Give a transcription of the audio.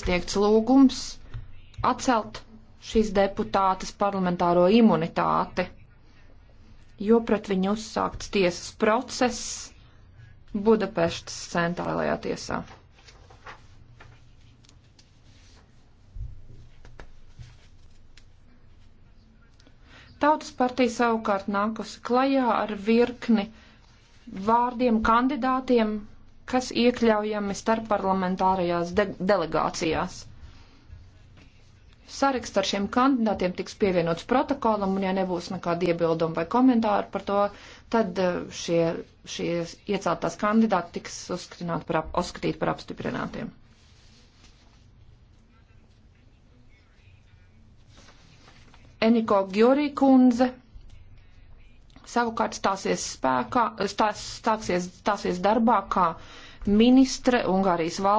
izteikts lūgums atcelt šīs deputātes parlamentāro imunitāti, jo pret viņu uzsākts tiesas process Budapeštas centrālajā tiesā. Tautas partija savukārt nākusi klajā ar virkni vārdiem kandidātiem kas iekļaujami starpparlamentārajās de delegācijās. Saraksts ar šiem kandidātiem tiks pievienots protokolam, un ja nebūs nekāda iebilduma vai komentāra par to, tad eh, šie, šie ieceltās kandidāti tiks par, uzskatīti par apstiprinātiem. Eniko Gjorī kundze savukārt stāsies spēkā, stās, stāksies, stāsies darbā kā ministre Ungārijas valdība.